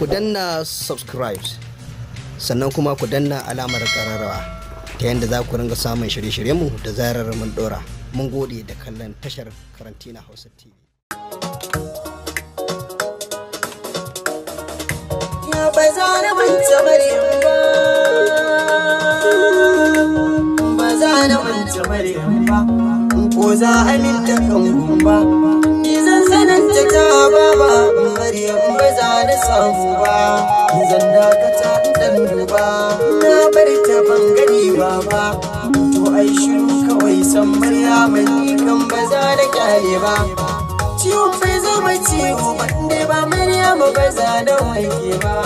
ku danna subscribe sannan kuma ku danna alamar kararrawa ta yadda za ku ringa samun shirye-shiryenmu da zarar mun dora mun gode da kallon tashar karantina hausa tv ya ba za na manta maryam ba ba za na manta maryam ba ko za a minta kan gumba zani samu ba zan dakata dan duba na bar ta ban gani ba ba to ai shiru kawai san maryama ni kan ba za na kyale ba ciwon bai zama ciwo ba inda ba maryama ba za na wanke ba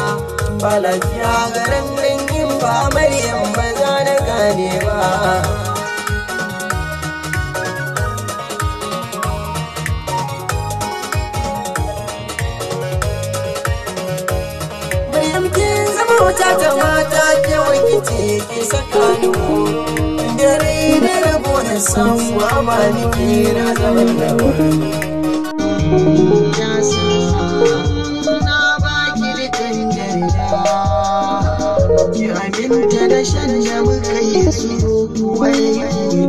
ba lafiya garin nan ba maryam ba za na gane wata mata ke wakiti ke tsakanin mu dare da rabo na samu ba ni ba. na zaman da wani. aminta da shan da muka su wai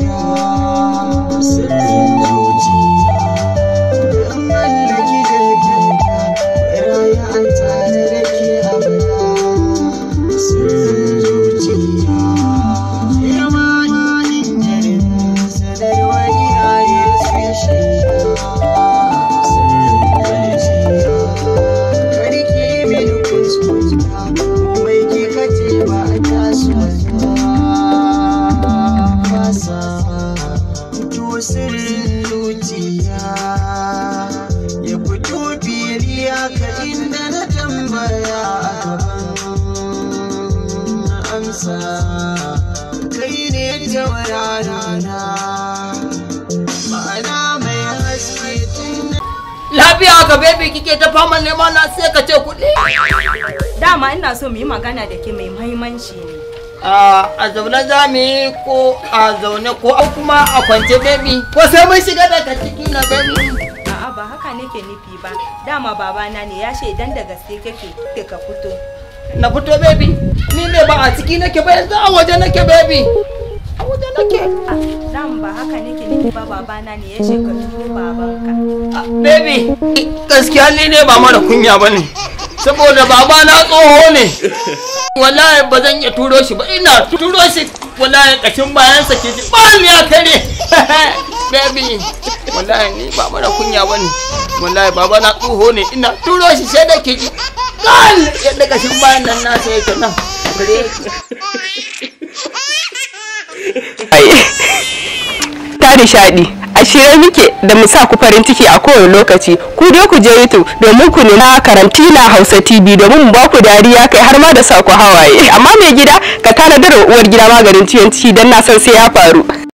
sirrin zuciya ya fito fili ka inda na tambaya a gaban na amsa kai ne jawararana mai haske lafiya ka bebe kike ta fama nema na sai ka ce kuɗi dama ina so mu yi magana da ke mai mahimmanci ne a zaune za mu yi ko a zaune ko kuma a kwance baby ko sai mun shiga daga ciki na baby a'a ba haka nake nufi ba dama babana ne ya idan da gaske kake ka fito na fito baby ni ne ba a ciki nake ba yanzu a waje nake baby a waje nake dama ba haka nake nufi ba babana ne ya ce ka turo babanka baby gaskiya ni ne ba mara kunya bane saboda babana tsoho ne wallahi ba zan iya turo shi ba ina turo shi wallahi kashin bayan sa ke ba bal ya kare baby wallahi ni ba mara kunya bane wallahi baba na tsoho ne ina turo shi sai da ke ji bal yadda kashin bayan nan na sai ke nan kare ai ta shadi a shirye muke da mu sa ku farin ciki a kowane lokaci ku dai ku je youtube domin ku nema karantina hausa tv domin mu ba ku dariya kai har ma da sa ku hawaye amma mai gida ka tanadar uwar gida maganin ciwon ciki don na san sai ya faru